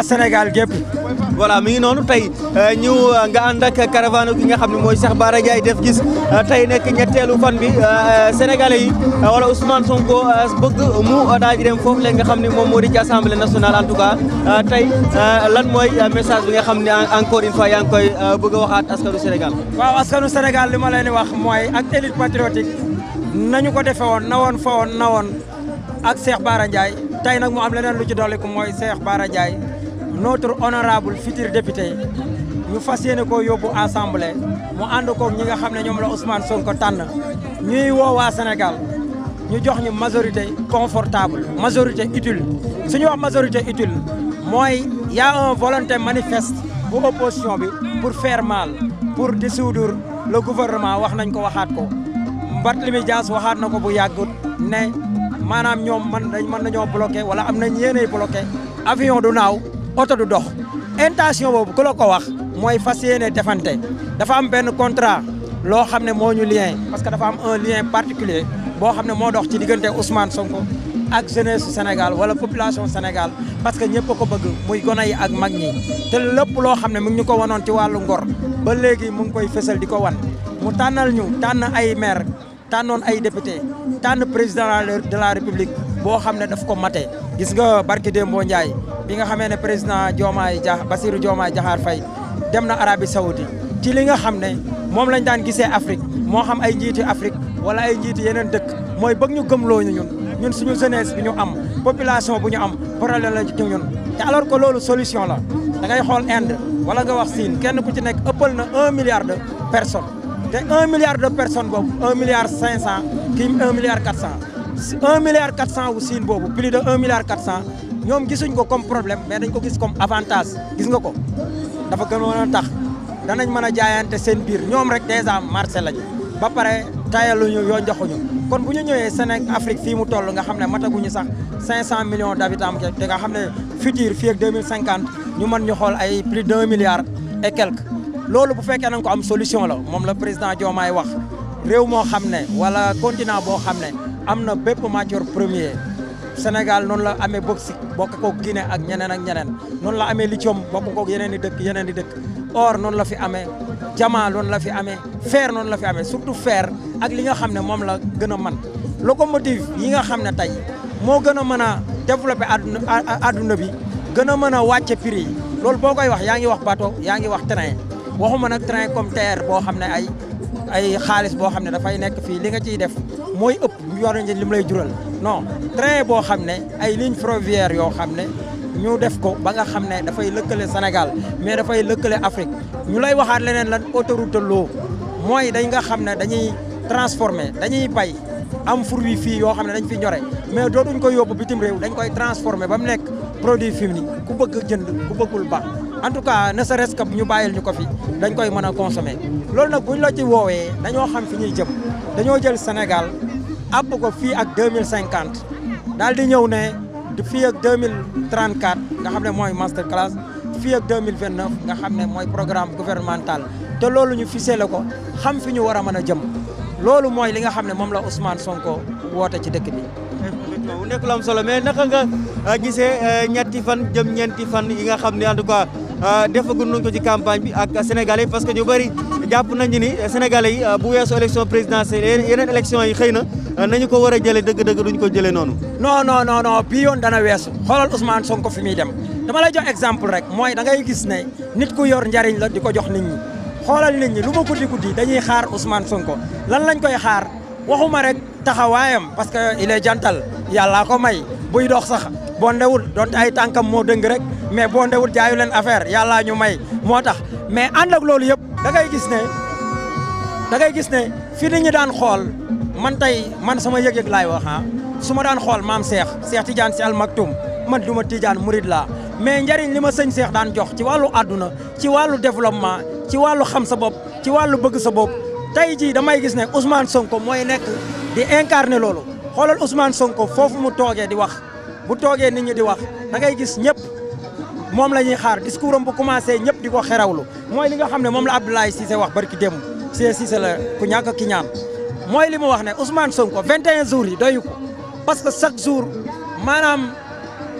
Sénégal gépp voilà mi ngi noonu tey euh, ñu euh, nga ànd ak gi nga xam ne mooy Cheikh Bara Ndiaye def gis euh, tey nekk ñetteelu fan bi sénégalais yi wala Ousmane Sonko bëgg mu daal di dem foofu léegi nga xam ne moom moo di ci assemblée nationale en tout cas tey lan mooy message bi nga xam ne encore une fois yaa ngi koy bëgg a waxaat askanu Sénégal. waaw askanu Sénégal li ma leen wax mooy ak élite patriotique nañu ko defe woon na woon fa woon na woon ak Cheikh Bara tey nag mu am leneen lu ci dolliku mooy Cheikh Bara Ndiaye. notre honorable futur député ñu fas yéene koo yóbbu assemblée mu ànd koog ñi nga xam ne ñoom la Ousmane Sonko tànn ñuy woo Sénégal ñu jox ñu majorité confortable majorité utile suñu wax majorité utile mooy y a un volonté manifeste bu opposition bi pour faire mal pour dissoudre le gouvernement wax nañ ko waxaat ko Barthélémy Dias waxaat na ko bu yàggut ne maanaam ñoom man dañ mën nañoo bloqué wala am nañ yéenay bloqué avion du naaw oto du dox intention boobu ku la ko wax mooy fas yéene defante dafa am benn contrat loo xam ne moo ñu lien parce que dafa am un lien particulier boo xam ne moo dox ci diggante Ousmane Sonko ak jeunesse Sénégal wala population Sénégal parce que ñëpp a ko bëgg muy gone yi ak mag ñi te lépp loo xam ne mu ngi ñu ko wanoon ci wàllu ngor ba léegi mu ngi koy fësal di ko wan mu tànnal ñu tànn ay maire tànnoon ay député tànn président de la république boo xam ne daf ko mate gis nga barki Dembo Ndiaye bi nga xamee ne président Diomaye Dia Bassirou Diomaye Diakhar Faye dem na Arabie Saoudi ci li nga xam ne moom lañ daan gisee Afrique moo xam ay njiiti Afrique wala ay njiiti yeneen dëkk mooy bëgg ñu gëmloo ñu ñun ñun suñu jeunesse bi ñu am population bu ñu am problème la ci ñun te alors que loolu solution la da ngay xool Inde wala nga wax Siin kenn ku ci nekk ëppal na un milliard de personnes te un milliard de personnes boobu un milliard cinq cent kii un milliard quatre cent un milliard quatre cent wu Siin un milliard quatre cent ñoom gisuñ ko comme problème mais dañ ko gis comme avantage gis nga ko dafa gënoon a tax danañ mën a jaayante seen biir ñoom rek dèjà marché lañu ba pare tayaluñu yoo joxuñu kon bu ñu ñëwee Sénégal Afrique fii mu toll nga xam ne mataguñu sax milion millions d'habitants te nga xam ne futur fii ak 2050 ñu mën ñu xool ay plus d'un milliard et quelque loolu bu fekkee nañ ko am solution la moom la président Diomaye wax réew moo xam ne wala continent boo xam ne am na bépp matière premier Sénégal noonu la amee Mexique bokk ko Guinée ak ñeneen ak ñeneen noonu la amee lithium bokk ko yeneen i dëkk yeneen i dëkk or noonu la fi amee diamant noonu la fi amee feer noonu la fi amee surtout fer ak li nga xam ne moom la gën a man locomotive yi nga xam ne tey moo gën a mën a développé àdduna àdduna bi gën a mën a wàcce prix loolu boo koy wax yaa ngi wax bateau yaa ngi wax train waxuma nag train comme TER boo xam ne ay ay xaalis boo xam ne dafay nekk fii li nga ciy def mooy ëpp yor nañ li mu lay jural non train boo xam ne ay ligne ferroviaire yoo xam ne ñu def ko ba nga xam ne dafay lëkkale Sénégal mais dafay lëkkale Afrique ñu lay waxaat leneen la autoroute l'eau mooy dañ nga xam ne dañuy transformer dañuy bay am fruit fii yoo xam ne dañ fi ñore mais dootuñ ko yóbbu bitim réew dañ koy transformer ba mu nekk produi produit fini ku bëgg jënd ku bëggul ba en tout cas ne serait-ce que ñu bàyyil ñu ko fi dañ koy mën a consommer loolu nag buñ la ci woowee dañoo xam fi ñuy jëm dañoo jël Sénégal àpp ko fii ak deux mille cinquante daal di ñëw ne fii ak deux mille trent quatre nga xam ne mooy master class fii ak deux mille vingt neuf nga xam ne mooy programme gouvernemental te loolu ñu fisee la ko xam fi ñu war a mën a jëm loolu mooy li nga xam ne moom la Ousmane Sonko woote ci dëkk bi. mu nekk lu am solo mais naka nga euh, gisee euh, ñetti fan jëm ñeenti fan yi nga xam ne en tout cas euh, defagun nañu ko ci campagne bi ak Sénégalais parce que ñu bëri jàpp nañu ni Sénégalais yi bu weesoo élection présidentielle yeneen élection yi xëy na. Euh, nañu ko war a jëlee dëgg-dëgg duñ ko jële noonu. no non non non bii yoon dana weesu xoolal Ousmane Sonko fi muy dem dama lay jox exemple rek mooy da ngay gis ne nit ku yor njariñ la di ko jox nit ñi xoolal nit ñi lu ma guddi guddi dañuy xaar Ousmane Sonko lan lañ koy xaar waxuma rek taxawaayam parce que il est jantal yàllaa ko may buy dox sax boo ndewul donte ay tànkam moo dëng rek mais boo ndewul jaayu leen affaire yàllaa ñu may moo tax mais ànd ak loolu yëpp da ngay gis ne da ngay gis ne fi nit ñi daan xool. man tey man sama yëg laay wax ah su ma daan xool maam Cheikh Cheikh Tidiane Sy Al Maktoum man du ma Tidiane Murid laa mais njëriñ li ma sëñ Cheikh daan jox ci wàllu àdduna ci wàllu développement ci wàllu xam sa bopp ci wàllu bëgg sa bopp tey jii damay gis ne Ousmane Sonko mooy nekk di incarner loolu xoolal Ousmane Sonko foofu mu toogee di wax bu toogee nit ñi di wax da ngay gis ñëpp moom la ñuy xaar discours am bu commencé ñëpp di ko xerawlu mooy li nga xam ne moom la Abdoulaye Cissé wax barki démb Cissé Cissé la ku ñàkk ki ñaan mooy li mu wax ne Ousmane Sonko 21 jours yi doyu ko parce que chaque jour maanaam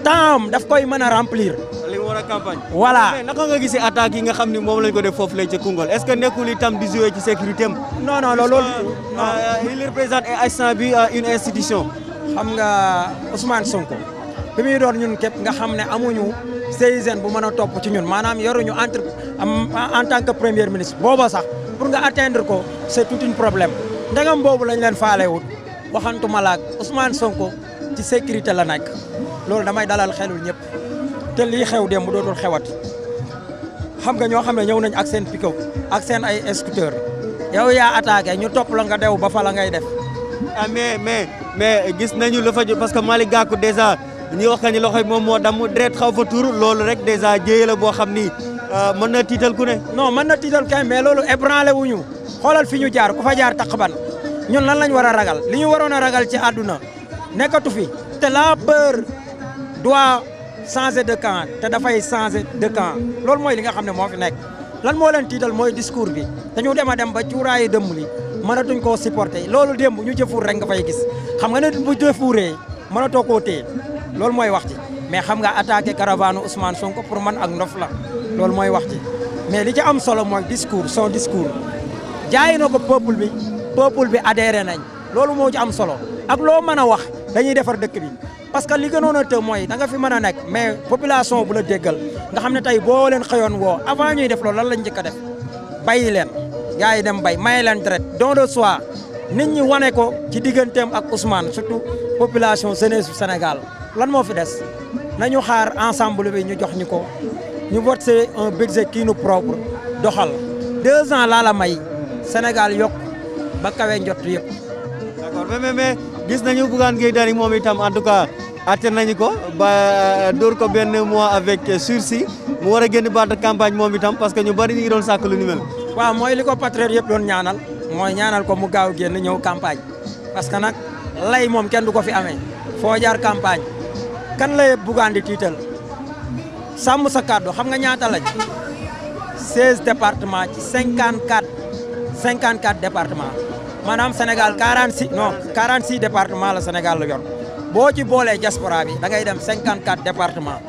temps am daf koy mën a remplir. li mu war a campagne. voilà naka nga gisee attaques yi nga xam ni moom lañ ko def foofu lañ ca Koungheul est ce que nekkul itam di jouer ci sécurité am. non non loolu. Euh, il représente instant bi une institution. xam nga Ousmane Sonko bi muy doon ñun képp nga xam ne amuñu saisine bu mën a topp ci ñun maanaam yoruñu entre en tant que premier ministre booba sax pour nga atteindre ko c' tout un problème. ndegam boobu lañ leen faalewut waxantuma laag Ousmane Sonko ci sécurité la nekk loolu damay dalal xelul ñëpp te li xew démb dootul xewat xam nga ñoo xam ne ñëw nañ ak seen pick-up ak seen ay scooter yow yaa attaqué ñu topp la nga dew ba fa ngay def. ah mais mais mais gis nañu la fa parce que Malick Gakou dèjà ñi wax ni loxo yi moom moo damm deret xaw fa tuur loolu rek dèjà jéye la boo xam ni euh, mën na tiital ku ne. non mën na tiital kay mais loolu ébranlé wuñu xoolal fi ñu jaar ku fa jaar taq ban ñun lan lañ war a ragal li ñu waroon a ragal ci àdduna nekkatu fi te laa peur doit changer de camp te dafay changer de camp loolu mooy li nga xam ne moo fi nekk lan moo leen tiital mooy discours bi dañu dem a dem ba cuuraayu dëmm li mënatuñ koo supporter loolu démb ñu jëfuur rek nga fay gis xam nga ne bu jëfuuree mënatoo koo téye loolu mooy wax ci mais xam nga attaqué caravane Ousmane ko pour man ak ndof la loolu mooy wax ci mais li ci am solo mooy discours son discours jaay na ko peuple bi peuple bi adhéré nañ loolu moo ci am solo ak loo mën a wax dañuy defar dëkk bi parce que li gënoon a të mooy da nga fi mën a nekk mais population bu la déggal nga xam ne tey boo leen xëyoon woo avant ñuy def loolu lan lañ njëkk a def bàyyi leen gars yi dem bay may leen deret don de soi nit ñi wane ko ci digganteem ak Ousmane surtout population jeunesse bu Sénégal lan moo fi des nañu xaar ensemble bi ñu jox ñu ko ñu voté un budget qui nous propre doxal deux ans laa la may Sénégal ba kawe njott yëpp. d'accord mais mais gis nañu Bougane Gueye Dany moom itam en tout cas atte nañu ko ba euh, dóor ko benn mois avec sursis mu war a génn battre campagne moom itam parce que ñu bari ñu ngi doon sàkk lu ni mel. waaw mooy li ko patriote yëpp doon ñaanal mooy ñaanal ko mu gaaw génn ñëw campagne parce que nag lay moom kenn du ko fi ame foo jaar campagne kan la Bougane di tiital sàmm sa kàddu xam nga ñaata lañ 16 département ci 54. 54 départements maanaam Sénégal 46 non 46 départements la Sénégal la yor boo ci boolee diaspora bi da ngay dem 54 départements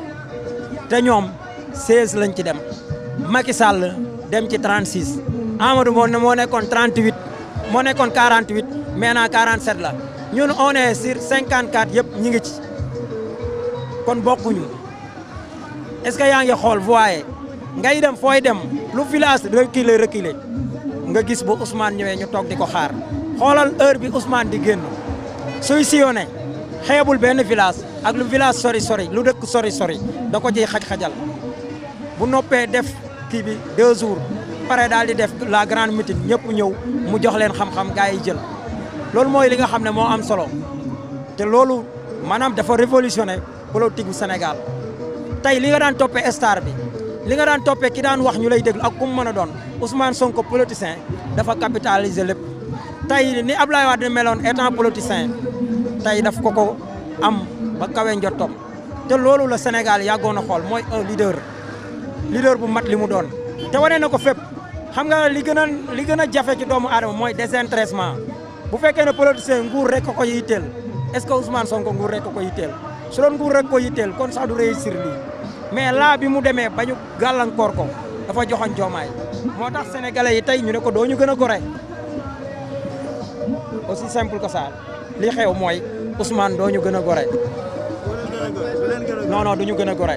te ñoom 16 lañ ci dem Macky Sall dem ci 36 Amadou moo moo nekkoon 38 moo nekkoon 48 maintenant 47 la ñun on est sur 54 yëpp ñi ngi ci kon bokkuñu est-ce que yaa ngi xool voyé ngay dem fooy dem lu village reculer reculer nga gis bu Ousmane ñëwee ñu toog di ko xaar xoolal heure bi Ousmane di génn suy sillonné xeebul benn village ak lu village sori sori lu dëkk sori sori da ko ciy xaj-xajal bu noppee def kii bi deux jours pare daal di def la grande meeting ñëpp ñëw mu jox leen xam-xam gaa yi jël loolu mooy li nga xam ne moo am solo te loolu maanaam dafa révolutionné politique bu Sénégal tey li nga daan toppee star bi li nga daan toppee ki daan wax ñu lay dëgg ak ku mu mën a doon Ousmane Sonko politicien dafa capitaliser lépp tey ni Ablaye Wade meloon étant politicien tey daf ko ko am ba kawe njottam te loolu la Sénégal yàggoon a xool mooy un leader bu mat li mu doon. te wane na ko fépp xam nga li gën a li gën a jafe ci doomu aadama mooy désintéressement bu fekkee ne politicien nguur rek ko ko yitteel est-ce que Ousmane Sonko nguur rek ko ko yitteel su doon nguur rek ko yitteel kon sax du réussir lii mais laa bi mu demee ba ñu gàllankoor ko. dafa joxoñ joomaay moo tax sénégalais yi tey ñu ne ko doo ñu gën a gore aussi simple ko ça li xew mooy Ousmane doo ñu gën a gore non non du ñu gën a gore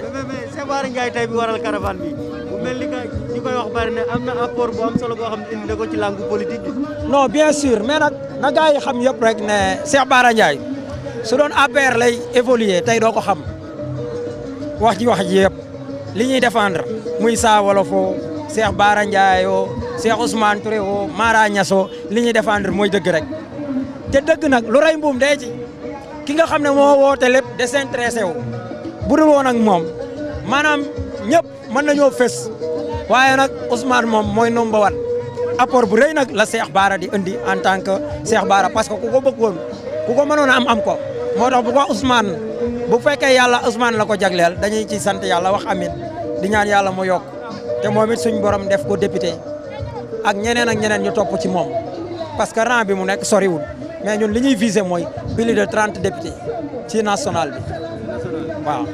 Sabaar Ndiaye tey bi waral caravane bi bu mel ñu que ñi koy wax bari ne am na apport bu am solo boo xam ne indi na ko ci langue politique bi non bien sûr mais nag na gars yi xam yëpp rek ne Cheikh Bara Ndiaye su doon APR lay évoluer tey doo ko xam wax ji wax ji li ñuy défendre muy Saa Wolofoo Cheikh Bara Ndiaye oo Cheikh Ousmane Touré oo li ñuy défendre mooy dëgg rek te dëgg nag lu ray mbuum dee ci ki nga xam ne moo woote lépp désintéressé wu bu dul woon ak moom maanaam ñëpp mën nañoo fës waaye nag Ousmane moom mooy number one apport bu rëy nag la Cheikh baara di indi en tant que Cheikh Bara parce que ku ko bëggoon ku ko mënoon am am ko moo tax bu ko Ousmane bu fekkee yàlla Ousmane la ko jagleel dañuy ci sant yàlla wax amin di ñaan yàlla mu yokk te moom it suñ borom def ko député ak ñeneen ak ñeneen ñu topp ci moom parce que rang bi mu nekk soriwul mais ñun li ñuy viser mooy plus de trente députés ci national bi waaw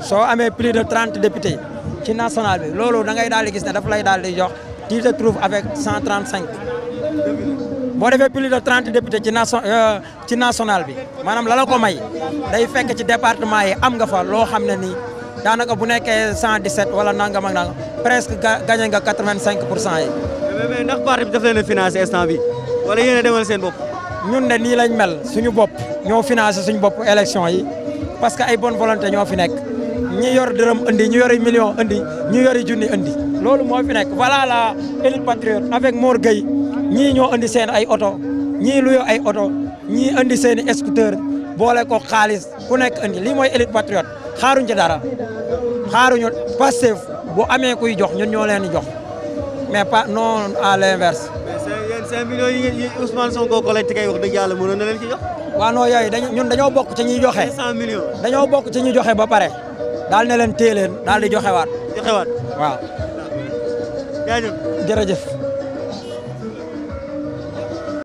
soo amee plus de trente députés ci national bi loolu da daal di gis ne dafa lay daal di jox tu te trouves avec cent trente cinq boo defee plus de trente députés ci nation euh, ci national bi maanaam la la ko may day fekk ci département yi am nga fa loo xam ne nii daanaka bu nekkee 117 wala nangam ak nangam presque gagné nga 85 pour cent yi. mais ndax parti bi daf leen a financé instant bi wala yéen a seen bopp. ñun de nii lañ mel suñu bopp ñoo financé suñu bopp élection yi parce que ay bonne volonté ñoo fi nekk ñi yor dërëm indi ñi yori million indi ñi yori junni indi loolu moo fi nekk voilà la élite patriote avec Mor Gueye. ñii ñoo andi seen ay oto ñii luyo ay oto ñii indi seen i scooter boole ko xaalis ku nekk indi lii mooy élite patriote xaaruñ ci dara xaaruñu Pastef bu amee kuy jox ñun ñoo leen di jox mais pas non à l'inverse. mais cinq millions yi Ousmane Sonko collecté kay wax dëgg yàlla mënoon na leen ci jox. waaw non yooyu dañu ñun dañoo bokk ci ñuy joxe. cinq millions dañoo bokk ci ñuy joxe ba pare daal na leen téye leen daal di joxewaat. joxewaat waa jaajëf jërëjëf.